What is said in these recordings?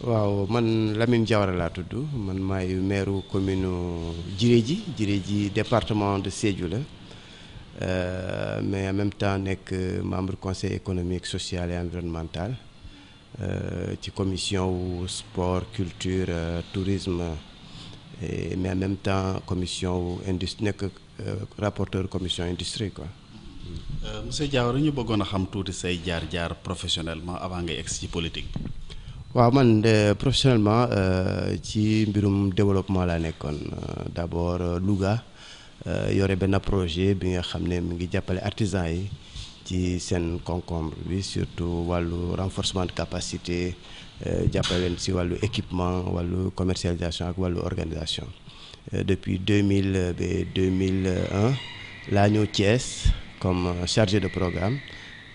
waaw man Lamine Diawara laa tudd man maay maire ji Djiréji ji département de Sédhiou la euh, mais en même temps nekk membre conseil économique social et environnemental euh, ci commission wu sport culture euh, tourisme et mais en même temps commission wu industrie nekk euh, rapporteur commission industrie quoi. Euh, monsieur Diawara ñu bëggoon a xam tuuti say jaar-jaar professionnellement avant ngay egg ci politique bi. waaw man de professionnellement euh, ci mbirum développement laa nekkoon euh, d'abord Louga yore benn projet bi nga xam ne mu ngi jàppale artisans yi ci seen concombre bi surtout wàllu renforcement de capacité jàppale leen si wàllu équipement wàllu commercialisation ak wàllu organisation depuis 2000 ba 2001 laa ñëw Thiès. comme euh, chargé de programme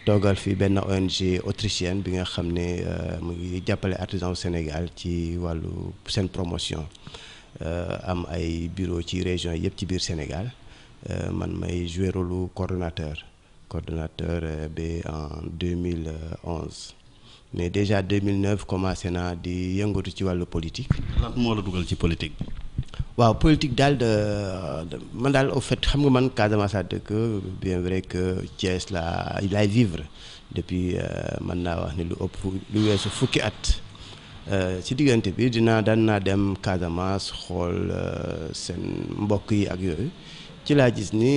toogal fi benn ONG autrichienne bi nga xam ne euh, mu ngi jàppale artisan Sénégal ci wàllu seen promotion euh, am ay bureau ci région yëpp ci biir Sénégal man may joué rôle coordonnateur coordonnateur bi en 2011 mais déjà 2009 commencé naa di yëngatu ci wàllu politique. moo la dugal ci politique bi. waaw politique daal de man daal au fait xam nga man Casamance laa dëkk bien vrai que Thiès laa laay vivre depuis euh, man naa wax ne lu ëpp lu weesu fukki at si euh, diggante bi dinaa daan naa dem Casamance xool euh, seen mbokk yi ak yooyu ci laa gis ni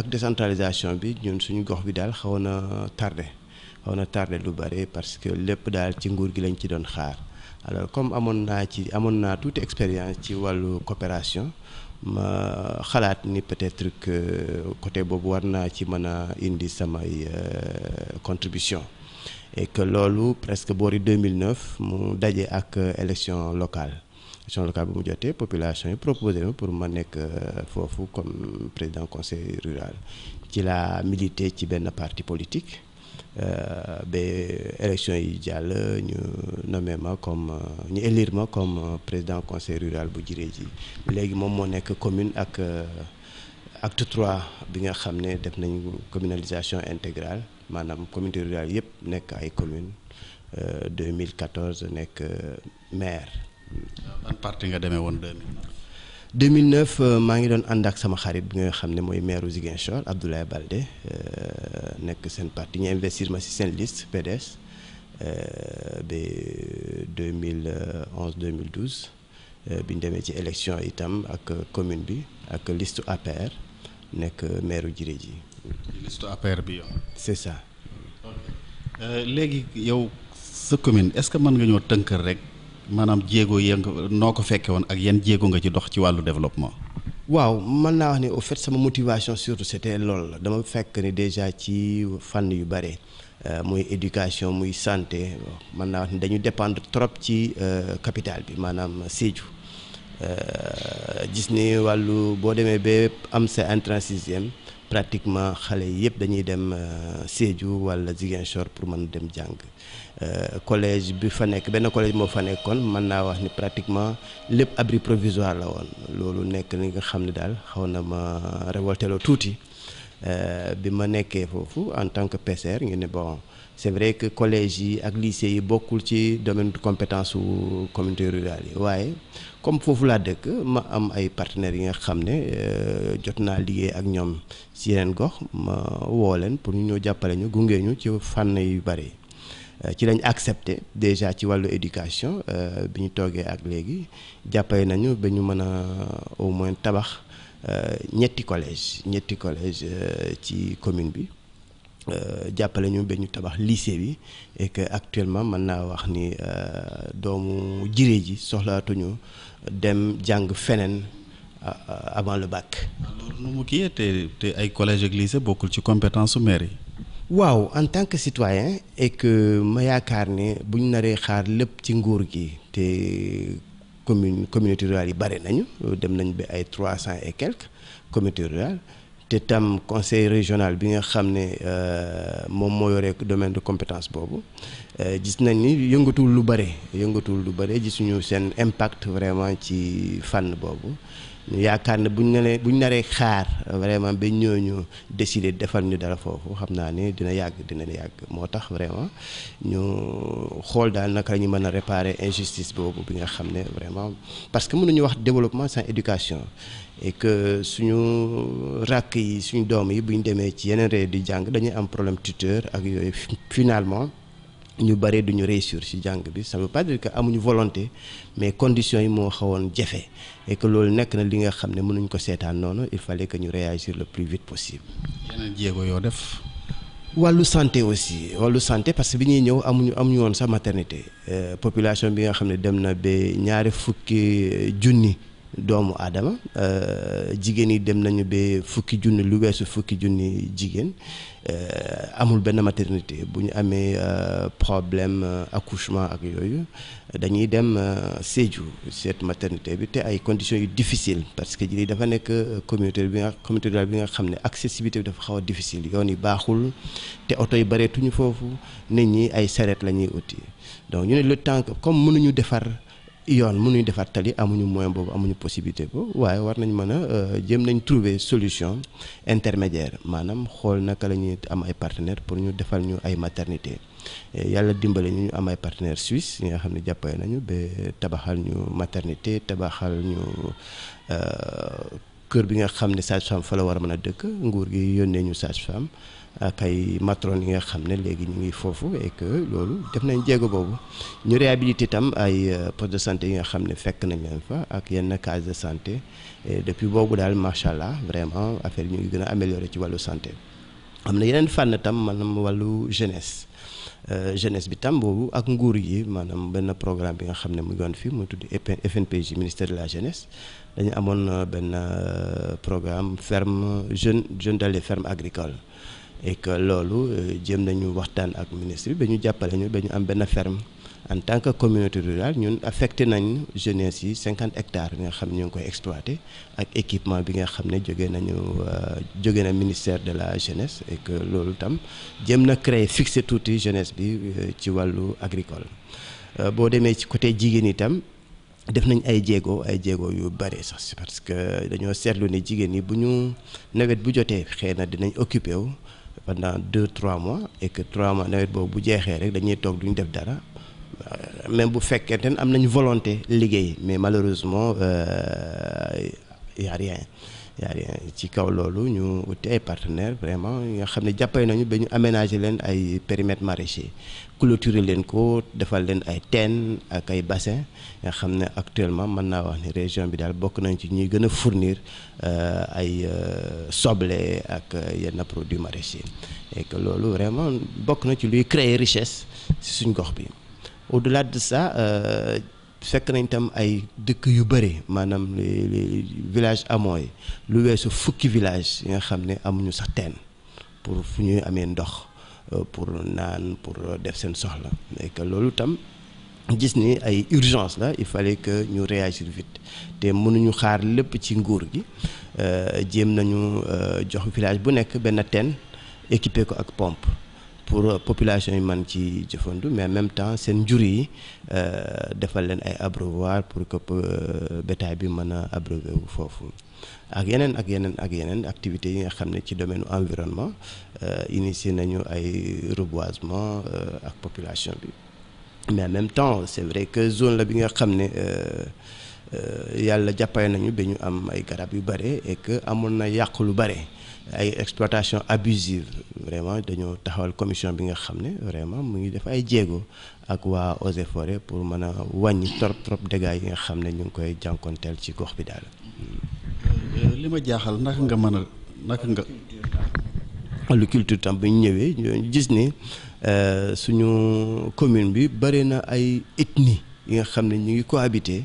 ak décentralisation bi ñun suñu gox bi daal xaw na tardé xaw na tarde lu bare parce que lépp daal ci nguur gi lañu ci doon xaar. alors comme amoon naa ci amoon naa tuuti expérience ci wàllu coopération ma xalaat ni peut-être que côté boobu war naa ci mën a indi samay euh, contribution et que loolu presque boori 2009 mu daje ak euh, élection locale élection locale bu mu jotee population yi proposé ma pour ma nekk euh, foofu comme président conseil rural ci la milité ci benn parti politique Euh, ba élection yi jàll ñu nommé ma comme euh, ñu élire ma comme euh, président conseil rural bu Jiréji léegi moom moo nekk commune ak acte trois bi nga xam ne def nañ communalisation intégral maanaam communauté rurale yëpp nekk ay commune 2014 nekk maire. Ah, ban parti nga demee woon 2000. 2009 euh, maa ngi doon ànd ak sama xarit bi ngay xam ne mooy maire Ziguinchor Abdoulaye Baldé euh, nekk seen parti ñu investir ma si seen liste PDS euh, ba 2011 2012 bi ñu demee ci élection itam ak commune bi ak liste APR nekk maire Jiré ji. liste APR bi yow. c'est ça. léegi yow sa commune est-ce que mën nga ñoo tënkal rek. maanaam jéego ya noo ko fekke woon ak yan jéego nga ci dox ci wàllu développement. waaw mën naa wax ni au fait sama motivation surtout c'était lool la dama fekk ni déjà ci fànn yu bare euh, muy éducation muy santé mën naa wax ni dañu dépendre trop ci euh, capital bi maanaam Sédhiou euh, gis ni wàllu boo demee ba am sa entrée pratiquement xale yëpp dañuy dem euh, Sédhiou wala Ziguinchor pour mën dem jàng euh, collège bi fa nekk benn collège moo fa nekkoon mën naa wax ni pratiquement lépp abri provisoire la woon loolu nekk li nga xam ne daal xaw na ma révolté loo tuuti. Euh, bi ma nekkee foofu en tant que PCR ñu ne bon c'est vrai que collège yi ak lycée yi bokkul ci domaine de compétence su communauté rurale yi waaye comme foofu laa dëkk ma am ay partenaires yi nga xam ne euh, jot naa liggéey ak ñoom si yeneen gox ma woo leen pour ñu ñëw jàppale ñu gungee ñu ci fànn yu bari euh, ci lañ accepté déjà ci wàllu éducation bi ñu toogee ak léegi jàppale nañu ba ñu mën a au moins tabax. Euh, ñetti collège ñetti collège euh, ci commune bi euh, jàppale ñu ba tabax lycée bi et actuellement mën naa wax ni doomu jire ji soxlaatuñu dem jàng feneen avant le bac. loolu mu kii te te ay collège ak lycée bokkul ci compétence su maire yi. waaw en tant que citoyen et ma yaakaar ni buñ naree xaar lépp ci nguur gi te. commune communauté rurale yi bare nañu dem nañ ba ay trois cent et quelques communauté rurale te tam conseil régional bi nga xam ne euh, moom moo yore domaine de compétence boobu euh, gis nañ ni yëngatuwul lu bare yëngatuwul lu bare gisuñu seen impact vraiment ci fànn boobu yaakaar ne buñ ne buñ naree xaar vraiment ba ñooñu décider defal ñu dara foofu xam naa ni dina yàgg dina yàgg moo tax vraiment ñu xool daal naka la ñu mën a réparer injustice boobu bi nga xam ne vraiment parce que nañu wax développement sans éducation e que suñu rakk yi suñu doom yi bu ñu demee ci yeneen réew di jàng dañuy am problème tuteur ak yooyu finalement ñu bare duñu réussir ci jàng bi ça veut pas dire que amuñu volonté mais conditions yi moo xawoon jafe et loolu nekk na li nga xam ne mënuñ ko seetaan noonu il fallait que ñu réagir le plus vite possible. yeneen jéego yoo def. wàllu santé aussi wàllu santé parce que bi ñuy ñëw amuñu amuñu woon sa maternité euh, population bi nga xam ne dem na ba ñaari fukki euh, junni. doomu aadama euh, jigéen yi dem nañu ba fukki junni lu fukki junni jigéen euh, amul benn maternité bu ñu amee euh, problème accouchement ak yooyu dañuy dem Sédhiou cette maternité bi te ay conditions yu difficile parce que ji dafa nekk communauté bi nga bi nga xam ne accessibilité bi dafa xaw a difficile yoon yi baaxul te oto yi bareetuñu foofu nit ñi ay sareet la ñuy uti donc ñu ne le temps comme mënuñu defar. yoon mënuñu defaat tali amuñu moyen boobu amuñu possibilité ko waaye war nañ mën a euh, jéem nañ trouver solution intermédiaire maanaam xool naka la ñuy am ay partenaires pour ñu defal ñu ay maternité yàlla dimbale ñu ñu am ay partenaires suisse yi nga xam ne jàppale nañu ba tabaxal ñu maternité tabaxal ñu euh, kër bi nga xam ne sage-femme fa la war a mën a dëkk nguur gi yónnee ñu sage-femme ak ay matron yi nga xam ne léegi ñu ngi foofu e que loolu def nañ jéego boobu ñu réhabilité itam ay euh, poste de santé yi nga xam ne fekk nañ leen fa ak yenn case de santé et depuis boobu daal macha allah vraiment affaire yi ñu ngi gën a amélioré ci wàllu santé am na yeneen fànn tam maanaam wàllu jeunesse euh, jeunesse bi tam boobu ak nguur yi maanaam benn programme bi nga xam ne mu ngi woon fii mu tudd FNPJ ministère de la jeunesse dañu amoon euh, benn programme ferme jeune jeune dans les fermes agricoles et que loolu euh, jéem nañu waxtaan ak ministre bi ba ñu jàppale ñu dañu am benn ferme en tant que communauté rural ñun affecté nañ jeunesse yi cinquante hectares yi nga xam ñu ngi koy exploité ak équipement bi nga xam ne jóge nañu euh, jóge na ministère de la jeunesse ek loolu itam jëm na créer fixé tuuti jeunesse bi euh, ci wàllu agricole boo demee ci côté jigéen itam def nañ ay jéego ay jéego yu bare sax parce que dañoo seetlu ni jigéen ñi bu ñu nawet bu jotee xëy na dinañ occupé wu pendant deux trois mois et trois mois nawet boobu bu jeexee rek dañuy toog duñ def dara euh, même bu fekkente ne am nañu volonté liggéey mais malheureusement euh, yaari ci kaw loolu ñu uti ay partenaires vraiment nga xam ne jàppale nañu ba ñu aménager leen ay périmètre maraîcher clôturer leen ko defal leen ay teen ak ay bassin nga xam ne actuellement mën naa wax ni région bi daal bokk nañ ci ñuy gën a fournir euh, ay euh, soble ak yenn produit maraîchers et loolu vraiment bokk na ci luy créer richesse ci suñ gox bi au-delà fekk nañ tam ay dëkk yu bëri maanaam village villages amooy lu weesu fukki village yi nga xam ne amuñu sax teen pour fu ñuy amee ndox euh, pour naan pour def seen soxla loolu tam gis ni ay urgence la il fallait que ñu réagir vite te mënuñu xaar lépp ci nguur gi euh, jéem nañu euh, jox village bu nekk benn teen équipé ko ak pomp pour euh, population yi man ci jëfandu mais même temps seen njur yi euh, defal leen ay abreuvoir pour que euh, bétail bi mën a abreuver foofu ak yeneen ak yeneen ak yeneen activités yi nga xam ne ci domaine environnement initié nañu ay reboisement ak population bi mais même temps c'est vrai que zone la bi nga xam ne yàlla jàppale nañu ba ñu am ay garab yu bare e que amoon na yàq lu bare ay exploitation abusive vraiment dañoo taxawal commission bi nga xam ne vraiment mu ngi def ay jéego ak waa Eaux et pour mën a wàññi trop trop dégâts yi nga xam ne ñu ngi koy jànkonteel ci gox bi daal. Euh, li ma jaaxal naka nga mën a naka nga. wàllu culture tam bu ñu ñëwee ñu gis ni euh, suñu commune bi bëri na ay ethnie yi nga xam ne ñu ngi cohabiter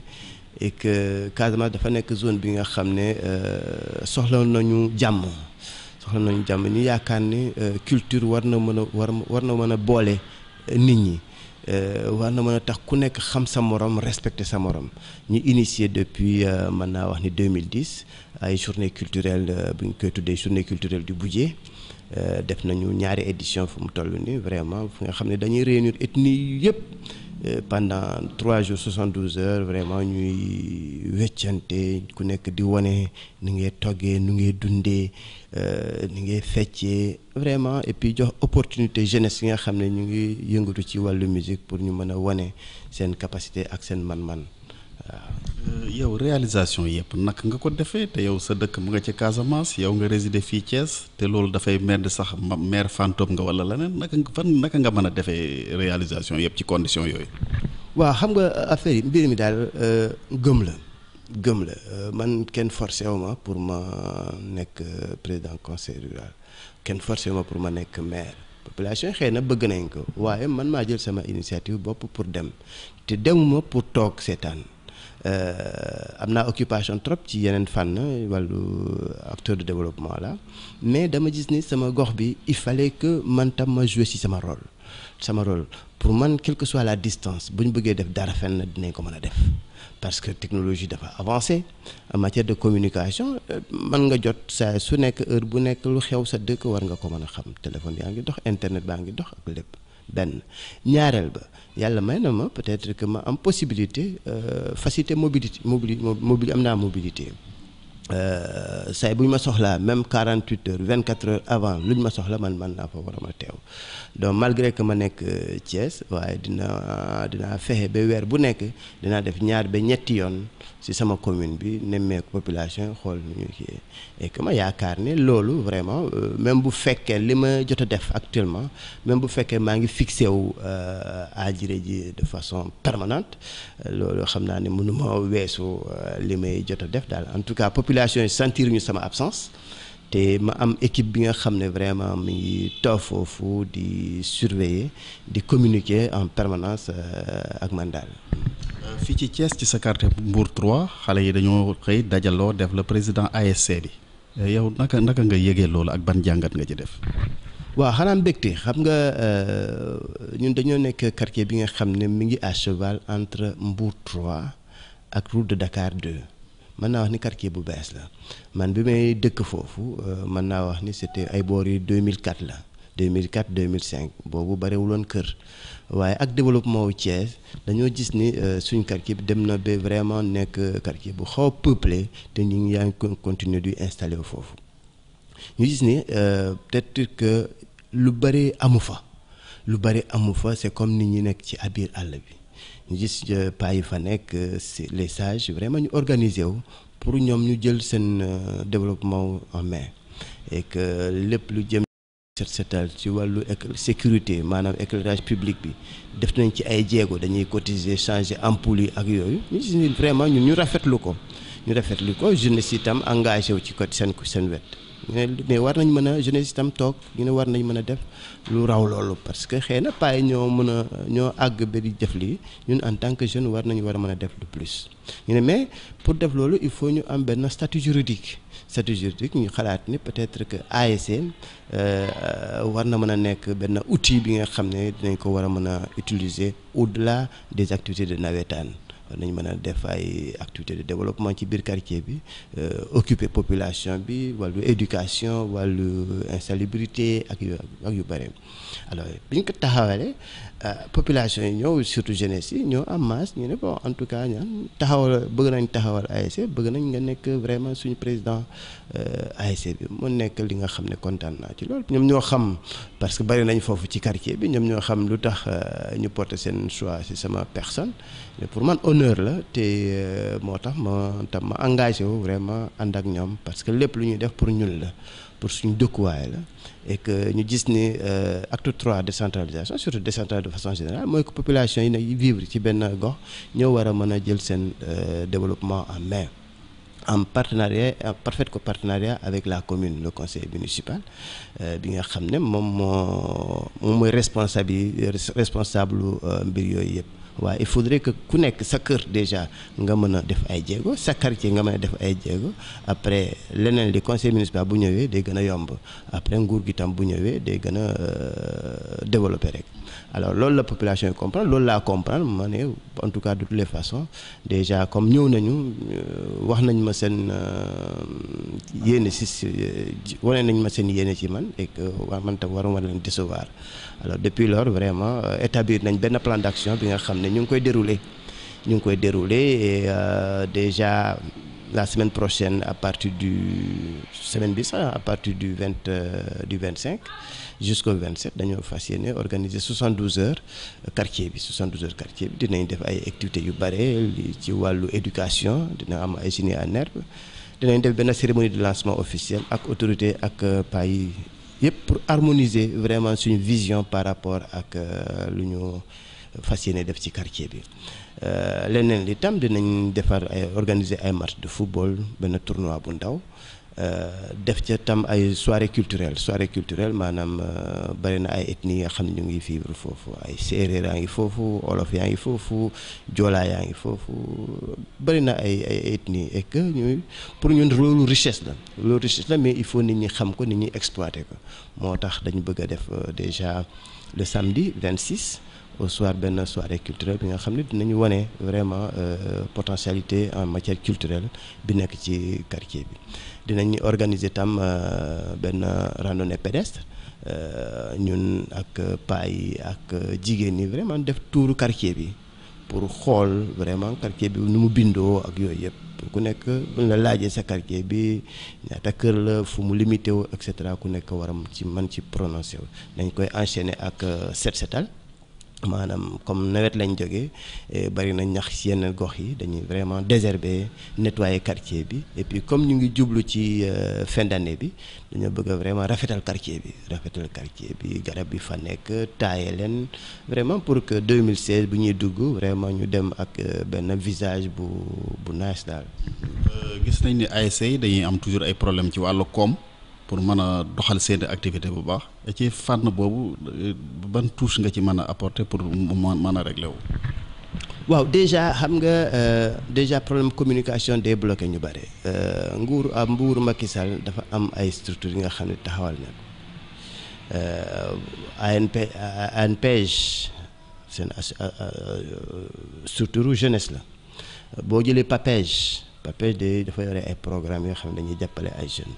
et que Casamance dafa nekk zone bi nga xam ne euh, soxla nañu jàmm. soxla nañu jàmm ñu yaakaar ni euh, culture war na mën a war war na mën a boole euh, nit ñi euh, war na mën a tax ku nekk xam sa morom respecter sa morom ñu initié depuis mën naa wax ni 2010 ay journée culturelle bu ñu koy tuddee journée culturelle du Budje def nañu ñaari édition fu mu toll nii vraiment fu nga xam ne dañuy réunir ethnie yëpp Euh, pendant trois jours soixante-douze heures vraiment ñuy weccante ku nekk di wane ni ngay toggee nu ngay dundee euh, ni ngay feccee vraiment et puis jox opportunité jeunesse yi nga xam ne ñu ngi yëngatu ci wàllu musique pour ñu mën a wane seen capacité ak seen man-man waaw yow réalisation yëpp naka nga ko defee te yow sa dëkk mu nga ci Casamance yow nga résider fii Thiès te loolu dafay medd sax maire fantôme nga wala leneen naka nga fan naka nga mën a defee réalisation yëpp ci condition yooyu. waa xam nga euh, affaire yi mbir mi daal euh, gëm la gëm la euh, man kenn forcé wu ma pour ma nekk président conseil rural kenn forcé ma pour ma nekk maire. population xëy na bëgg nañ ko waaye man maa jël sama initiative bopp pour dem te demuma pour toog seetaan. Euh, am naa occupation trop ci yeneen fànn wàllu euh, acteur de développement la mais dama gis ni sama gox bi il fallait que man tam ma jouer ci sama rôle sama rôle pour man quelle que soit la distance bu ñu bëggee def dara fenn dinañ ko mën a def parce que technologie dafa avancé en matière de communication euh, mën nga jot saa su nekk heure bu nekk lu xew sa dëkk war nga ko mën a xam téléphone yaa ngi dox internet baa ngi dox ak lépp benn ñaareel ba yàlla may na ma peut-être que ma am possibilité euh, facilité mobilité mobili mobili am naa mobilité Euh, say bu ñu ma soxlaa même 48 heures 24 heures avant lu ñu ma soxla man man naa fa war a ma teew donc malgré que ma nekk euh, Thiès waaye dina dinaa fexe ba weer bu nekk dinaa def ñaar ba ñetti yoon ci sama commune bi nemmeeku population xool nu ñu kii et ma yaakaar ne loolu vraiment euh, même bu fekkee li ma jot a def actuellement même bu fekkee maa ngi fixé wu à Djiré Ji de façon permanente loolu xam naa ni mënuma weesu li may jot a def daal en tout population yi sentir ñu sama absence te ma am équipe bi nga xam ne vraiment mi ngi toog foofu di surveiller di communiquer en permanence euh, ak man daal. Euh, fii ci Thiès ci sa quartier Mbour trois xale yi dañoo xëy dajaloo def le président ASC bi euh, yow naka naka nga yëgee loolu ak ban jàngat nga ci def. waaw xanaa mbégte xam nga ñun dañoo nekk quartier bi nga xam ne mi ngi à cheval entre Mbour 3 ak route de Dakar 2. mën naa wax ni quartier bu bees la man bi may dëkk foofu euh, mën naa wax ni c'était ay boor yi 2004 la 2004 2005 boobu barewuloon kër waaye ak développement wu Thiès dañoo gis ni euh, suñ quartier bi dem na ba vraiment nekk quartier bu xaw a te ñu ngi yaa ngi continuer di installer foofu ñu gis ni euh, peut-être lu bari amu fa lu bari amu fa c'est comme nit ñi nekk ci abir àll bi. ñu payi euh, paa yi fa nekk euh, les sages vraiment ñu organiser wu pour ñoom ñu jël seen euh, développement en main et que lépp lu jëm set setal ci wàllu sécurité maanaam éclairage public bi def nañ ci ay jéego dañuy cotiser changer ampoule yi ak yooyu ñu gis vraiment ñu ñu rafetlu ko ñu rafetlu ko jeunesse itam engagé wu ci côté seen seen wet mais war nañ mën a jeunesse itam toog ñu ne war nañ mën a def lu raw loolu parce que xëy na paay ñoo mën a ñoo àgg ba di def lii ñun en tant que jeune war nañu war a mën a def lu plus ñu ne mais pour def loolu il faut ñu am benn statut juridique statut juridique ñu xalaat ni peut-être que ASC euh, war na mën a nekk benn outil bi nga xam ne dinañ ko war a mën a utiliser au-delà des activités de nawetaan nañ mën a def ay activités de développement ci biir quartier bi euh, occuper population bi wàllu éducation wàllu insalubrité ak yu ak yu bëri alors bi ñu ko taxawalee euh, population yi ñëw surtout jeunesse yi ñoo am masse ñu ne bon en tout cas ñaan taxawal bëgg nañ taxawal ASC bëgg nañ nga nekk vraiment suñu président euh, ASC bi mu nekk li nga xam ne kontaan naa ci loolu ñoom ñoo xam parce que bëri nañ foofu ci quartier bi ñoom ñoo xam lu tax ñu porter seen choix ci sama personne mais pour man honneur la te euh, moo tax ma tam ma engage wu vraiment ànd ak ñoom parce que lépp lu ñuy def pour ñun la pour suñu dëkkuwaay la et ñu gis ni euh, acte trois décentralisation surtout décentralisation de façon générale mooy ko population yi nag yi vivre ci benn gox ñoo war a mën a jël seen euh, développement en main en partenariat en parfait ko partenariat avec la commune le conseil municipal bi nga xam ne moom moo moom mooy responsable responsable mbir yooyu yëpp. waaw il faudrait que ku nekk sa kër déjà nga mën a def ay jéego sa quartier nga mën a def ay jéego après leneen li conseil municipal bu ñëwee day gën a yomb après nguur gi tam bu ñëwee day gën a euh, développer rek alors loolu la population yi comprendre loolu laa comprendre ma ne en tout cas du toutes les façons déjà comme ñëw nañu euh, wax nañ ma seen euh, yéene si wane nañ ma seen yéene ci man et que waa man tam waruma leen décevoir alors depuis lors vraiment euh, établir nañ benn plan d'action bi nga xam ne ñu ngi koy dérouler ñu ngi koy dérouler et euh, déjà la semaine prochaine à partir du semaine bi sax à partir du vingt euh, du vingt cinq jusqu'au vingt sept dañoo fas yéene organiser soixante douze heures quartier bi soixante douze heures quartier bi dinañ def ay activités yu bare li ci wàllu éducation dina am ay génie en herbe dinañ def benn cérémonie de lancement officielle ak autorité ak euh, pays yëpp pour harmoniser vraiment suñu vision par rapport ak euh, lu ñu fas yéene def ci quartier bi euh, leneen li tam dinañ defar ay organiser ay match de football benn tournois bu ndaw Euh, def ca tam ay soirée culturelle soirée culturelle maanaam euh, bari na ay ethnie nga xam ne ñu ngi vivre foofu ay séeréer yaa ngi foofu olof yaa ngi foofu joolaa yaa ngi foofu bari na ay ay ethnie et que ñuy pour ñun loolu richesse la loolu richesse la mais il faut nit ñi xam ko nit ñi exploiter ko moo tax dañu bëgg a def euh, déjà le samedi 26. au soir benn soirée culturelle bi nga xam ne ñu wane vraiment euh, potentialité en matière culturelle bi nekk ci quartier bi dinañ organiser tam euh, benn randonnée pédestre euh, ñun ak paa yi ak jigéen ñi vraiment def tuuru quartier bi pour xool vraiment quartier bi nu mu bindoo ak yooyu yëpp ku nekk buñ la laajee sa quartier bi ñaata kër la fu mu limité wu et cetera ku nekk mu ci man ci prononcé wu dañ koy enchaîner ak set setal maanaam comme nawet lañ jógee eh, bari na ñax yenn gox yi dañuy vraiment désherber nettoyer quartier bi et puis comme ñu ngi jublu ci euh, fin d'année bi dañoo bëgg vraiment rafetal quartier bi rafetal quartier bi garab bi fa nekk taaye leen vraiment pour que 2016 bu ñuy dugg vraiment ñu dem ak euh, benn visage bu bu nice daal. Euh, gis nañ ni ASC dañuy am toujours ay problème ci wàllu koom. pour mën a doxal seen activité bu baax ci fànn boobu euh, ban touche nga ci mën a apporté pour mu mën a régler wu. waaw déjà xam nga euh, déjà problème communication débloqué ñu bare. Euh, nguur am ah, nguuru Macky Sall dafa am ay structures yi nga xam ne taxawal na ANP ANPEJ seen structure jeunesse la boo jëlee PAPEJ PAPEJ de dafa yore ay programmes yoo xam ne dañuy jàppale ay jeunes.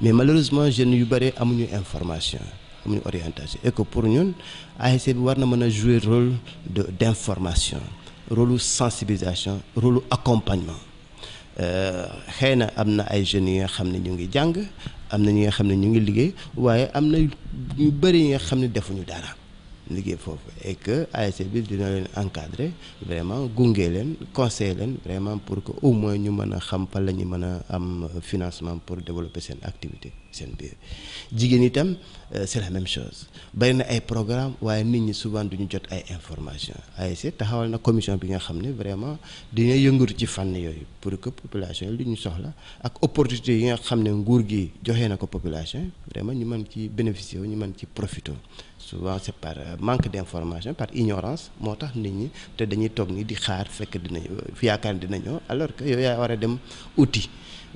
mais malheureusement jeunes yu bare amuñu information amuñu orientation et que pour ñun ASC bi war na mën a jouer rôle de d'information rôle sensibilisation rôle accompagnement euh, xëy na am na ay jeunes yi nga xam ne ñu ngi jàng am na ñi nga xam ne ñu ngi liggéey waaye am na ñu bëri yi nga xam ne defuñu dara. liggéey foofu et que ASC bi dina leen encadrer vraiment gunge leen conseiller leen vraiment pour que au moins ñu mën a xam fan la ñu mën a am financement pour développer seen activité seen biir jigéen itam euh, c'est la même chose bari na ay programme waaye nit ñi souvent duñu jot ay information ASC taxawal na commission bi nga xam ne vraiment dina yëngatu ci fànn yooyu pour que population yi li ñu soxla ak opportunité yi nga xam ne nguur gi joxe na ko population vraiment ñu mën ci bénéficier wu ñu mën ci profiter souvent c'est par euh, manque d'information par ignorance moo tax nit ñi te dañuy toog nii di xaar fekk dina fi yaakaar dina ñëw alors que yow yaa war a dem uti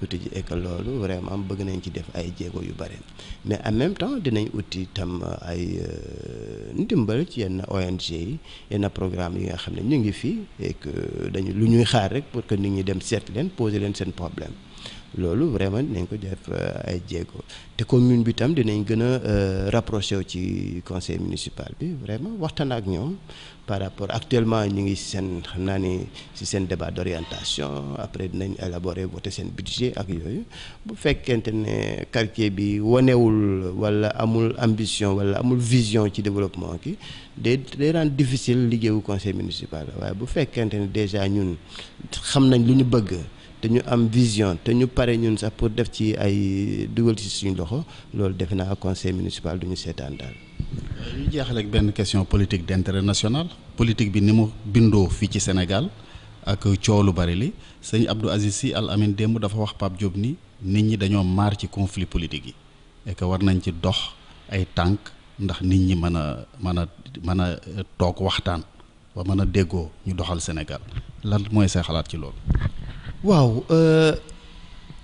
uti ji ek loolu vraiment bëgg nañ ci def ay jéego yu bari mais en même temps dinañ uti tam euh, ay euh, ndimbal ci yenn ONG yi yenn programme yi nga xam ne ñu ngi fii et dañu lu ñuy xaar rek pour que nit ñi dem seet leen poser leen seen problème loolu vraiment nañ ko def euh, ay jéego te commune bi tam dinañ gën a euh, rapproché wu ci conseil municipal bi vraiment waxtaan ak ñoom par rapport actuellement ñu ngi seen xam naa ni si seen débat d'orientation après dinañ élaborer voter seen budget ak yooyu bu fekkente ne quartier bi wanewul wala amul ambition wala amul vision ci développement ki day day rend difficile liggéeyu conseil municipal waaye bu fekkente ne déjà ñun xam nañ lu ñu bëgg te ñu am vision te ñu pare ñun sax pour def ci ay dugal ci suñu loxo loolu defe naa conseil municipal du ñu seetaan daal. Euh, ñu jeexal benn question politique d'intérêt national politique bi ni mu bindoo fii ci Sénégal ak coow lu bari li sëñ Abdou Aziz si Al Amine démb dafa wax Pape Diop ni nit ñi dañoo maar ci conflit politique yi et que war nañ ci dox ay tànk ndax nit ñi mën a mën a mën a toog waxtaan ba mën a déggoo ñu doxal Sénégal lan mooy say xalaat ci loolu. waaw euh,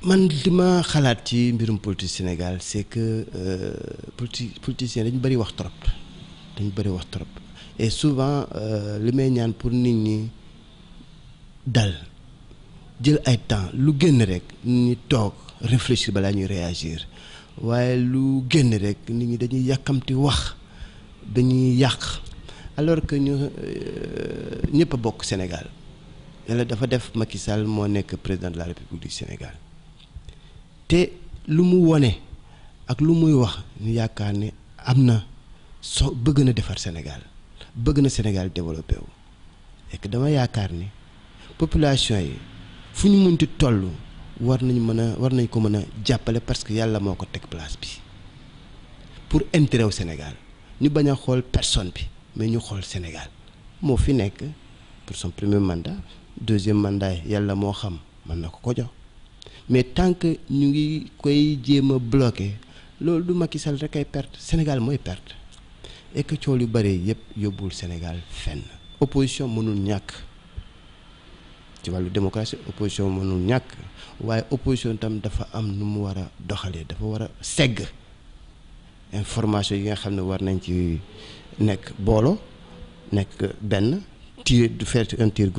man li ma xalaat ci mbirum politique Sénégal c'est que euh, politique politiciens dañu bëri wax trop dañu bëri wax trop et souvent euh, li may ñaan pour nit ñi dal jël ay temps lu génn rek ñu toog réfléchir balaa ñuy réagir waaye lu génn rek nit ñi dañuy yàkkamti wax dañuy yàq alors que ñu ñëpp a bokk Sénégal. yàlla dafa def Macky Sall moo nekk président de la République du Sénégal te lu mu wone ak lu muy wax ñu yaakaar ni am na so bëgg na defar Sénégal bëgg na Sénégal développé wu et dama yaakaar ni population yi fu ñu munti toll war nañ mën a war nañ ko mën a jàppale parce que yàlla moo ko teg place bi pour intérêt wu Sénégal ñu bañ a xool personne bi mais ñu xool Sénégal moo fi nekk pour son premier mandat deuxième mandat yàlla moo xam mën na ko ko jox mais tant que ñu ngi koy jéem a bloqué loolu du Macky Sall rek ay perte Sénégal mooy perte et que yu bëree yëpp yóbbul Sénégal fenn opposition mënul ñàkk ci wàllu démocratie opposition mënul ñàkk waaye opposition tam dafa am nu mu war a doxalee dafa war a segg information yi nga xam ne war nañ ci nekk boolo nekk benn tir du faire un tir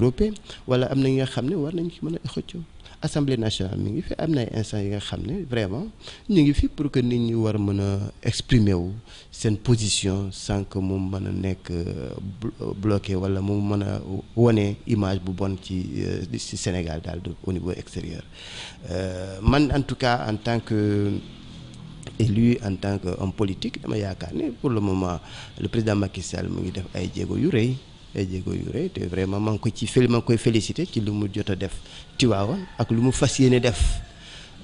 wala am na yi nga xam ne war nañ ci mën a xëccoo assemblée nationale mi ngi fi am na ay instants yi nga xam ne vraiment ñu ngi fi pour que nit ñi war mën a exprimer wu seen position sans que mu mën a nekk euh, bloqué wala mu mën a wone image bu bon ci euh, ci Sénégal daal au niveau extérieur euh, man en tout cas en tant que élu en tant que homme politique dama yaakaar ne pour le moment le président Macky mu ngi def ay jéego yu rëy. ay e jéego yu rëy te vraiment man ko ci fël maa ngi koy félicité ci lu mu jot a def Tiwaawan ak lu mu fas yéene def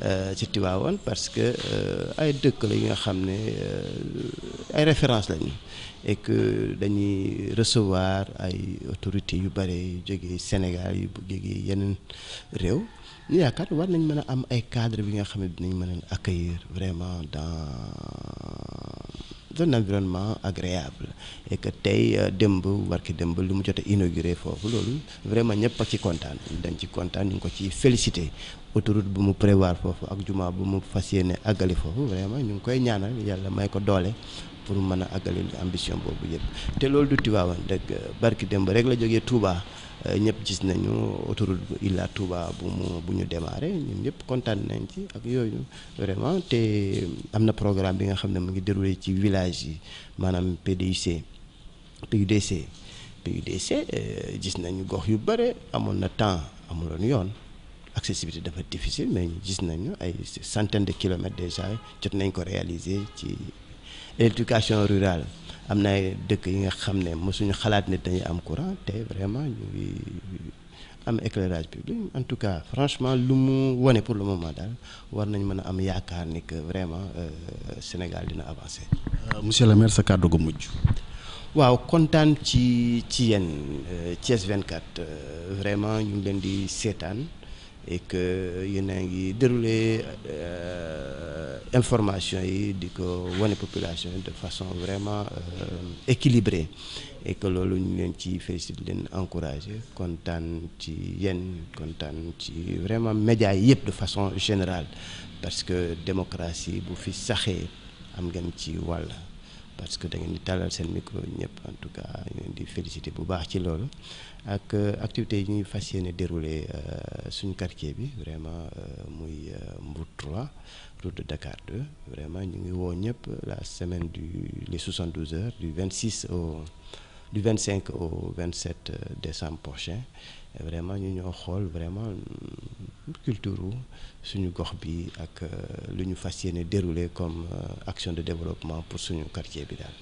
euh, ci Tiwaawan parce que euh, ay dëkk la yi nga xam ne euh, ay référence lañu e que dañuy recevoir ay autorité yu bare yu jógee Sénégal yu jógee yeneen réew ñu yaakaar war nañ mën a am ay cadre bi nga xam ne dinañ mën a accueillir vraiment dans un environnement agréable et que tey euh, démb barki démb lu mu jote a inauguré foofu loolu vraiment ñëpp a ci kontaan dañ ci kontaan ñu ngi ko ci félicité autoroute bu mu prévoir foofu ak jumaa bu mu fas yéene àggali foofu vraiment ñu ngi koy ñaanal yàlla may ko doole pour mën a àggali ambition boobu yëpp te loolu du Tivaouane dëgg euh, barki démb rek la jógee Touba. Euh, ñëpp gis nañu autoroute illa Touba bu mu bu ñu démarré ñun kontaan nañ ci ak yooyu vraiment te am na programme bi nga xam ne mu ngi déroulé ci village yi maanaam PDIC PUDC PUDC euh, gis nañu gox yu bare amoon na temps amuloon yoon accessibilité dafa difficile mais gis nañu ay centaine de kilomètres déjà jot nañ ko réaliser ci éducation rurale am na ay dëkk yi nga xam ne mosuñu xalaat ne dañuy am courant te vraiment ñu am éclairage public en tout cas franchement lu mu wone pour le moment daal war nañ mën a am yaakaar ni que vraiment euh, Sénégal dina avancer. Euh, monsieur le maire sa kàddu gu mujj. waaw kontaan ci ci yéen euh, Thiès 24 vraiment ñu ngi leen di seetaan. et que yéen a ngi dérouler euh, information yi di ko wane population de façon vraiment euh, équilibrée et que loolu ñu leen ci félicite leen encourager kontaan ci yéen kontaan ci vraiment médias yi yëpp de façon générale parce que démocratie bu fi saxee am ngeen ci wàll parce que da ngeen di tàllal seen micro ñëpp en tout cas ñu leen di félicité bu baax ci loolu ak euh, activité yi ñuy fas yéene déroulé euh, suñu quartier bi vraiment euh, muy Mbour 3 route de Dakar 2 vraiment ñu ngi woo ñëpp la semaine du les 72 heures du 26 au du cinq au vingt des décembre prochain vraiment ñu ñoo xool vraiment culture suñu gox bi ak euh, lu ñu fas yéene dérouler comme euh, action de développement pour suñu quartier bi daal